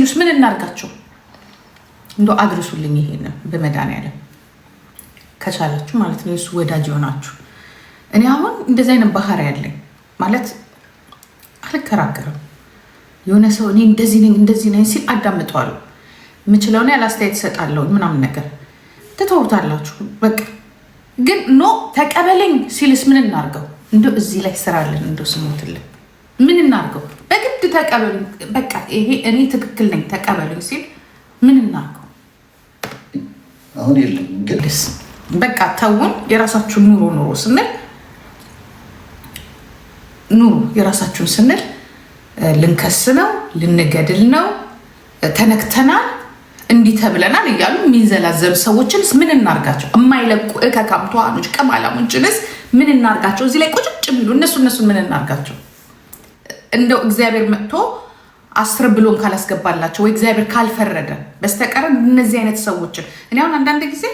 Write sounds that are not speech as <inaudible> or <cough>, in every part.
ሲሉስ ምን እናርጋቸው? እንደ አድርሱልኝ። ይሄንን በመድኃኒዓለም ከቻላችሁ ማለት ነው የሱ ወዳጅ የሆናችሁ። እኔ አሁን እንደዚህ አይነት ባህሪ ያለኝ ማለት አልከራከርም። የሆነ ሰው እኔ እንደዚህ ነኝ እንደዚህ ነኝ ሲል አዳምጠዋለሁ። የምችለውን ያህል አስተያየት እሰጣለሁ ምናምን ነገር ትተውታላችሁ። በቃ ግን ኖ ተቀበለኝ ሲልስ ምን እናርገው? እንደ እዚህ ላይ ስራለን እንደ ስሞትልን ምን እናርገው? ግድ ተቀበሉ፣ በቃ ይሄ እኔ ትክክል ነኝ ተቀበሉ ሲል ምን እናርገው? አሁን የለም እንግዲህ በቃ ተውን፣ የራሳችሁን ኑሮ ኑሮ ስንል ኑሮ የራሳችሁን ስንል ልንከስ ነው፣ ልንገድል ነው፣ ተነክተናል፣ እንዲህ ተብለናል እያሉ የሚንዘላዘሉ ሰዎችንስ ምን እናርጋቸው? የማይለቁ እከካምተዋኖች ቀማላሞችንስ ምን እናርጋቸው? እዚህ ላይ ቁጭጭ የሚሉ እነሱ እነሱን ምን እናርጋቸው? እንደው እግዚአብሔር መጥቶ አስር ብሎን ካላስገባላቸው ወይ እግዚአብሔር ካልፈረደ በስተቀር እነዚህ አይነት ሰዎችን እኔ አሁን አንዳንድ ጊዜ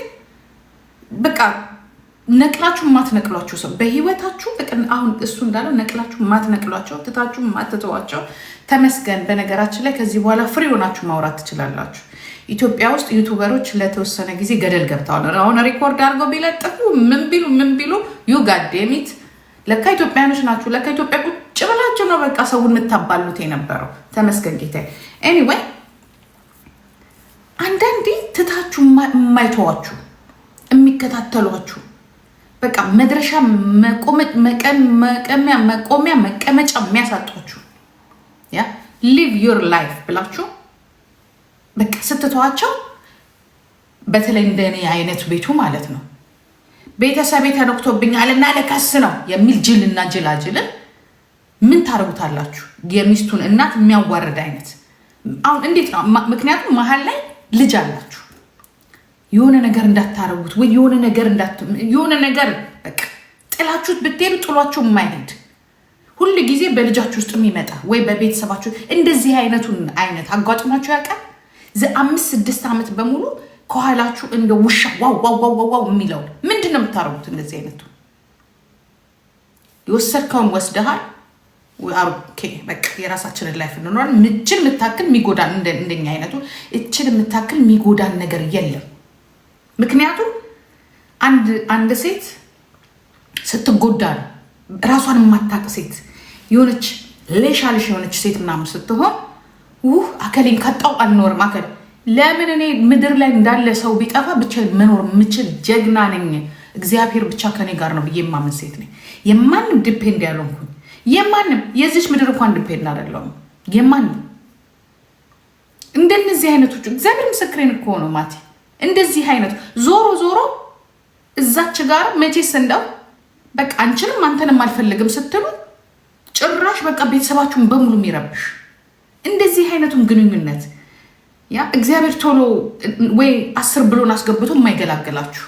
በቃ ነቅላችሁ ማትነቅሏቸው ሰው በህይወታችሁ አሁን እሱ እንዳለው ነቅላችሁ ማትነቅሏቸው ትታችሁ ማትተዋቸው ተመስገን። በነገራችን ላይ ከዚህ በኋላ ፍሪ ሆናችሁ ማውራት ትችላላችሁ። ኢትዮጵያ ውስጥ ዩቱበሮች ለተወሰነ ጊዜ ገደል ገብተዋል። አሁን ሪኮርድ አድርገው ቢለጥፉ ምን ቢሉ ምን ቢሉ ዩ ጋዴሚት ለካ ኢትዮጵያኖች ናችሁ ለካ ኢትዮጵያ ቁጭ ነው በቃ ሰውን የምታባሉት የነበረው። ተመስገን ጌታ። ኤኒዌይ አንዳንዴ ትታችሁ የማይተዋችሁ የሚከታተሏችሁ በቃ መድረሻ መቀሚያ መቆሚያ መቀመጫ የሚያሳጧችሁ ያ ሊቭ ዮር ላይፍ ብላችሁ በቃ ስትተዋቸው፣ በተለይ እንደኔ አይነት ቤቱ ማለት ነው ቤተሰቤ እና ለከስ ነው የሚል ጅልና ጅላጅልን ምን ታደርጉታላችሁ? የሚስቱን እናት የሚያዋርድ አይነት አሁን እንዴት ነው? ምክንያቱም መሀል ላይ ልጅ አላችሁ። የሆነ ነገር እንዳታረጉት ወይ የሆነ ነገር የሆነ ነገር ጥላችሁት ብትሄዱ ጥሏችሁ የማይሄድ ሁል ጊዜ በልጃችሁ ውስጥ የሚመጣ ወይ በቤተሰባችሁ እንደዚህ አይነቱን አይነት አጓጥሟችሁ ያውቃል? አምስት ስድስት ዓመት በሙሉ ከኋላችሁ እንደ ውሻ ዋው ዋው ዋው ዋው የሚለው ምንድን ነው የምታረጉት? እንደዚህ አይነቱ የወሰድከውን ወስደሃል የራሳችንን ላይፍ እንኖራል። ምችል የምታክል የሚጎዳን እንደኛ አይነቱ እችል የምታክል የሚጎዳን ነገር የለም። ምክንያቱም አንድ ሴት ስትጎዳ ነው ራሷን የማታቅ ሴት የሆነች ሌሻልሽ የሆነች ሴት ምናምን ስትሆን ውህ አከሌን ከጣው አልኖርም አከል ለምን እኔ ምድር ላይ እንዳለ ሰው ቢጠፋ ብቻ መኖር የምችል ጀግና ነኝ፣ እግዚአብሔር ብቻ ከኔ ጋር ነው ብዬ የማምን ሴት ነኝ። የማንም ዲፔንድ ያለሁ የማንም የዚች ምድር እንኳን ዲፔንድ አይደለሁም። የማንም እንደነዚህ አይነቶቹ እግዚአብሔር ምስክሬን እኮ ነው ማቴ። እንደዚህ አይነቱ ዞሮ ዞሮ እዛች ጋር መቼስ እንደው በቃ አንችንም አንተንም አልፈልግም ስትሉ ጭራሽ በቃ ቤተሰባችሁን በሙሉ የሚረብሽ እንደዚህ አይነቱን ግንኙነት ያ እግዚአብሔር ቶሎ ወይ አስር ብሎን አስገብቶ የማይገላገላችሁ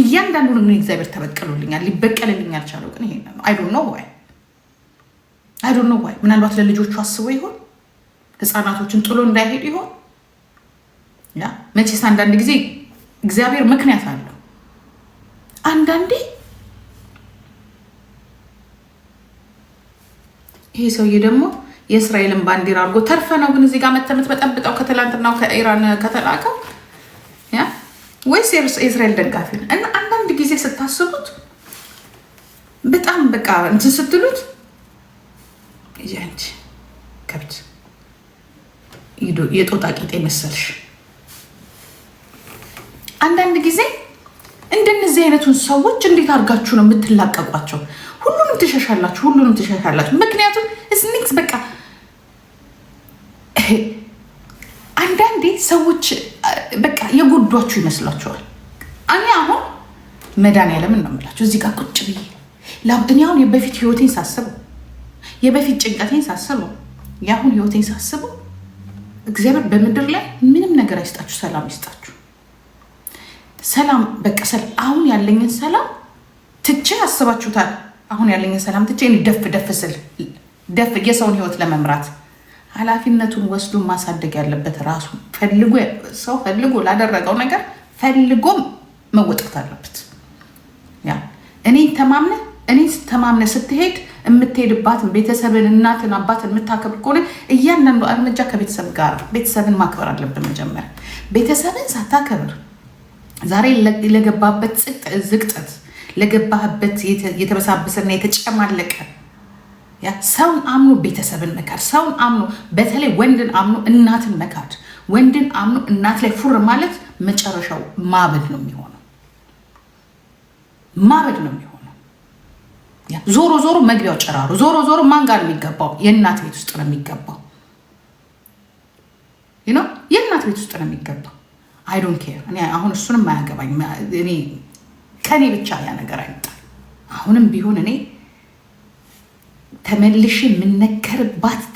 እያንዳንዱ ግን እግዚአብሔር ተበቀሉልኛል ሊበቀልልኝ አልቻለው ግን ይሄ ነው አይ ዶንት ኖ ዋይ ዶንት ኖ ዋይ። ምናልባት ለልጆቹ አስቦ ይሆን? ህፃናቶችን ጥሎ እንዳይሄድ ይሆን? ያ መቼስ አንዳንድ ጊዜ እግዚአብሔር ምክንያት አለው። አንዳንዴ ይሄ ሰውዬ ደግሞ የእስራኤልን ባንዲራ አድርጎ ተርፈ ነው ግን እዚህ ጋር መተምት በጠብጠው ከትላንትናው ከኢራን ከተላከው ወይስ የእስራኤል ደጋፊ ነው? እና አንዳንድ ጊዜ ስታስቡት በጣም በቃ እንትን ስትሉት አንቺ ከብት የጦጣ ቂጤ መሰልሽ። አንዳንድ ጊዜ እንደነዚህ አይነቱን ሰዎች እንዴት አድርጋችሁ ነው የምትላቀቋቸው? ሁሉንም ትሸሻላችሁ፣ ሁሉንም ትሸሻላችሁ። ምክንያቱም እስኒክስ በቃ አንዳንዴ ሰዎች በቃ የጎዷችሁ ይመስሏቸዋል። እኔ አሁን መድኃኒዓለምን ነው የምላቸው እዚህ ጋር ቁጭ ብዬ እኔ አሁን በፊት ህይወቴን ሳስበው የበፊት ጭንቀቴን ሳስበው፣ የአሁን ህይወቴን ሳስበው እግዚአብሔር በምድር ላይ ምንም ነገር አይስጣችሁ፣ ሰላም ይስጣችሁ። ሰላም በቃ አሁን ያለኝን ሰላም ትቼ አስባችሁታል። አሁን ያለኝን ሰላም ትቼ ደፍ ደፍ ስል ደፍ የሰውን ህይወት ለመምራት ኃላፊነቱን ወስዶ ማሳደግ ያለበት ራሱ ፈልጎ ሰው ፈልጎ ላደረገው ነገር ፈልጎም መወጣት አለበት። እኔ ተማምነ እኔ ስተማምነ ስትሄድ የምትሄድባትን ቤተሰብን፣ እናትን፣ አባትን የምታከብር ከሆነ እያንዳንዱ እርምጃ ከቤተሰብ ጋር ቤተሰብን ማክበር አለብን። መጀመሪያ ቤተሰብን ሳታከብር ዛሬ ለገባበት ዝቅጠት ለገባህበት የተበሳበሰና የተጨማለቀ ሰውን አምኖ ቤተሰብን መካድ፣ ሰውን አምኖ በተለይ ወንድን አምኖ እናትን መካድ፣ ወንድን አምኖ እናት ላይ ፉር ማለት መጨረሻው ማበድ ነው የሚሆነው። ማበድ ነው የሚሆነው። ዞሮ ዞሮ መግቢያው ጭራሩ ዞሮ ዞሮ ማን ጋር ነው የሚገባው? የእናት ቤት ውስጥ ነው የሚገባው። የእናት ቤት ውስጥ ነው የሚገባው። አይ ዶንት ኬር እኔ አሁን እሱንም አያገባኝ። እኔ ከኔ ብቻ ያ ነገር አይመጣ። አሁንም ቢሆን እኔ ተመልሽ የምነከርባት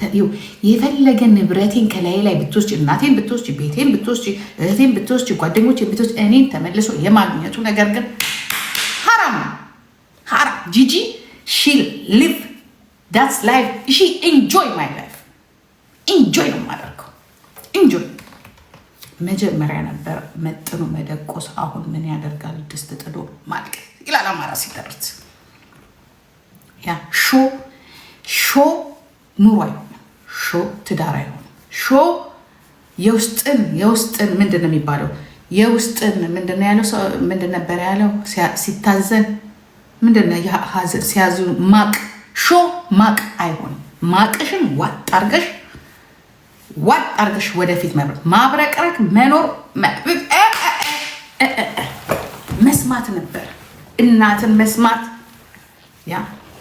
የፈለገ ንብረቴን ከላይ ላይ ብትወስድ እናቴን ብትወስድ ቤቴን ብትወስድ እህቴን ብትወስጅ ጓደኞቼን ብትወስድ እኔን ተመልሶ የማግኘቱ ነገር ግን ሀራም ሀራም ጂጂ ሺ ሊቭ ዳትስ ላይፍ ሺ ኢንጆይ ማይ ላይፍ ኢንጆይ ነው የማደርገው። ኢንጆይ መጀመሪያ ነበር መጥኑ መደቆስ። አሁን ምን ያደርጋል ድስት ጥዶ ማልቀስ ይላል አማራ ሲተርት ያ ሾ ሾ ኑሮ አይሆንም። ሾ ትዳር አይሆንም። ሾ የውስጥን የውስጥን ምንድን ነው የሚባለው? የውስጥን ምንድን ነው ያለው? ምንድን ነበር ያለው ሲታዘን ምንድነው ሲያዙ ማቅ ሾ ማቅ አይሆንም። ማቅሽን ዋጥ አርገሽ ዋጥ አርገሽ ወደፊት መብረቅ ማብረቅረቅ መኖር መስማት ነበር። እናትን መስማት ያ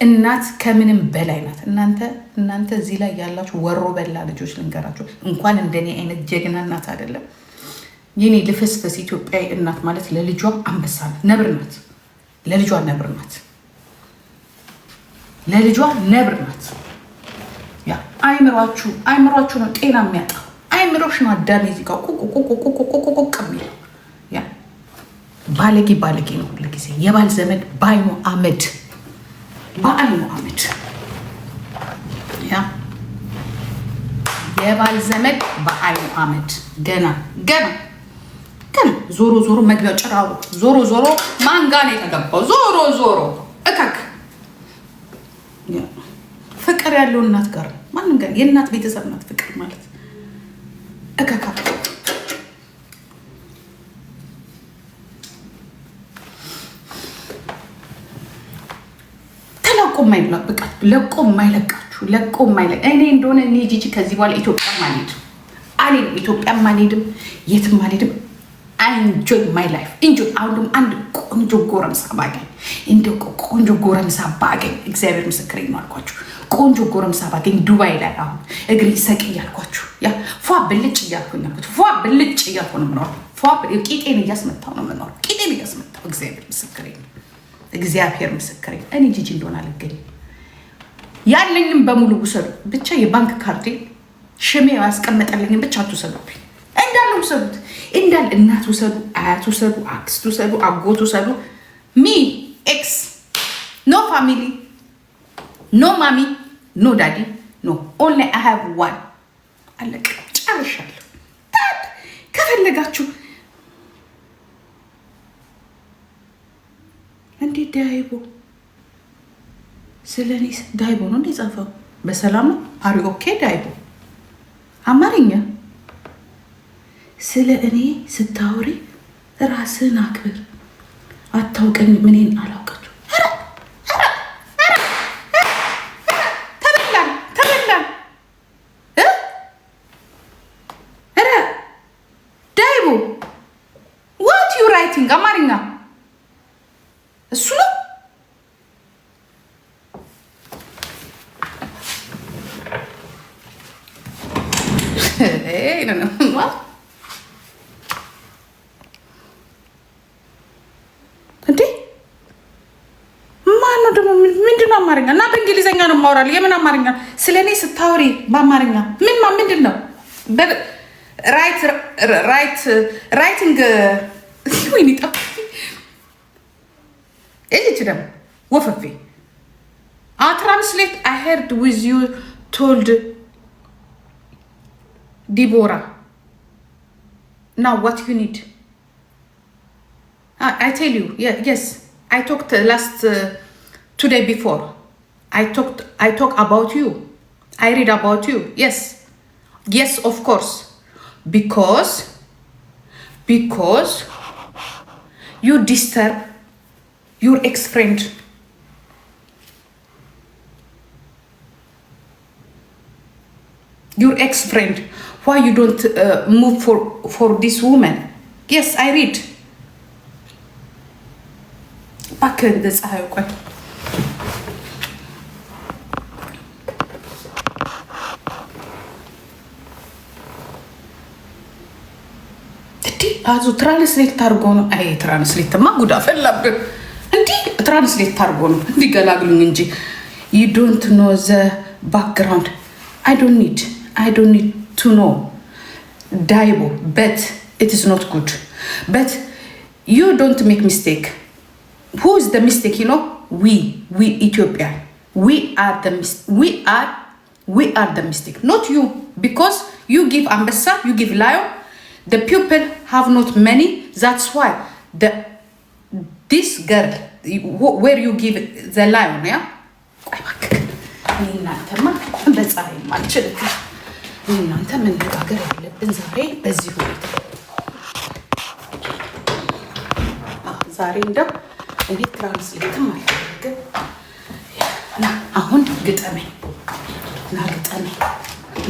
እናት ከምንም በላይ ናት። እናንተ እናንተ እዚህ ላይ ያላችሁ ወሮ በላ ልጆች ልንገራችሁ፣ እንኳን እንደኔ አይነት ጀግና እናት አይደለም የኔ ልፍስፍስ ኢትዮጵያዊ እናት ማለት ለልጇ አንበሳ ናት፣ ነብር ናት። ለልጇ ነብር ናት፣ ለልጇ ነብር ናት። አይምሯችሁ አይምሯችሁ ነው ጤና የሚያጣ አይምሮሽ ነው አዳሜ እዚህ ጋር ቁቁቁቁቁቁቁቅ የሚለው ባለጌ ባለጌ ነው ሁልጊዜ። የባል ዘመድ ባይ ነው አመድ በአል ነው አመድ የባል ዘመድ በአይኑ አመድ ገና ገና ዞሮ ዞሮ መግቢያው ጭራሩ ዞሮ ዞሮ ማን ጋር ነው የተገባው? ዞሮ ዞሮ እከክ ፍቅር ያለው እናት ጋር ማንም ጋር የእናት ቤተሰብ ናት ፍቅር ማለት እከካ ተለቆ ማይብላ በቃ ለቆ ማይለቃችሁ ለቆ ማይለቅ እኔ እንደሆነ እኔ ጂጂ ከዚህ በኋላ ኢትዮጵያ አልሄድም አልሄድም ኢትዮጵያ አልሄድም የትም አልሄድም ኢንጆይ ማይ ላይፍ ኢንጆይ። አሁን ደግሞ አንድ ቆንጆ ጎረምሳ ባገኝ እንደ ቆንጆ ጎረምሳ ባገኝ እግዚአብሔር ምስክር አልኳችሁ። ቆንጆ ጎረምሳ ባገኝ ዱባይ ላይ አሁን እግሬ ሰቅ እያልኳችሁ ያ ፏ ብልጭ እያልኩኝ ያልኩት ፏ ብልጭ እያልኩ ነው ምኖር ቂጤን እያስመታው ነው ምኖር ቂጤን እያስመታው እግዚአብሔር ምስክር እግዚአብሔር ምስክር እኔ ጂጂ እንደሆነ አልገኝም። ያለኝም በሙሉ ውሰዱ ብቻ የባንክ ካርዴ ሽሜ ያስቀመጠልኝም ብቻ አትውሰዱብኝ። እንዳለ ውሰዱት፣ እንዳለ እናት ውሰዱ፣ አያት ውሰዱ፣ አክስት ውሰዱ፣ አጎት ውሰዱ። ሚ ኤክስ ኖ ፋሚሊ ኖ ማሚ ኖ ዳዲ ኖ ኦንሊ አይ ሃቭ ዋን አለቀ። ጨርሻለሁ። ከፈለጋችሁ እንዴት ዳይቦ ስለ ዳይቦ ነው እንደ ጻፈው በሰላም አሪ ኦኬ ዳይቦ አማርኛ ስለ እኔ ስታወሪ ራስን አክብር። አታውቀኝ፣ ምንን አላውቀችው። ተበላን ዳይቦ ዋት ዩ ራይቲንግ አማርኛ እንዴ ማን ነው ደግሞ? ምንድን ነው አማርኛ እና በእንግሊዝኛ ነው ማውራል። የምን አማርኛ? ስለ እኔ ስታወሪ በአማርኛ ምን ምንድን ነው? ራይቲንግ <laughs> ወይኔ ጠፋ። ይች ደግሞ ወፈፌ አትራንስሌት አይ ሄርድ ዊዝ ዩ ቶልድ ዲቦራ ና ዋት ዩ ኒድ Ah, I, tell you, yeah, yes. I talked uh, last uh, today before. I talked. I talk about you. I read about you. Yes, yes, of course, because because you disturb your ex friend. Your ex friend. Why you don't uh, move for for this woman? Yes, I read. እባክህ እንደ ፀሐይ ቆይ አዙ ትራንስሌት ታርጎ ነው። አይ ትራንስሌትማ ጉዳ ፈላብን። እንዲህ ትራንስሌት ታርጎ ነው። እንዲህ እንጂ ዩ ዶንት ኖ ዘ ባክግራውንድ አይ ዶንት ኒድ አይ ዶንት ኒድ ቱ ኖ ዳይቦ በት ኢት ኖት ጉድ በት ዩ ዶንት ሜክ ሚስቴክ who is the mistake? You know, we, we Ethiopia, we are the mis- we are we are the mistake, not you, because you give ambassa, you give lion. The people have not many. That's why the this girl where you give the lion, yeah. እናንተ መነጋገር ያለብን ዛሬ በዚህ ሁኔታ ዛሬ እንደው እቤት ትራንስ ሌትም አልፈልግም። አሁን ግጠመኝ ና ግጠመኝ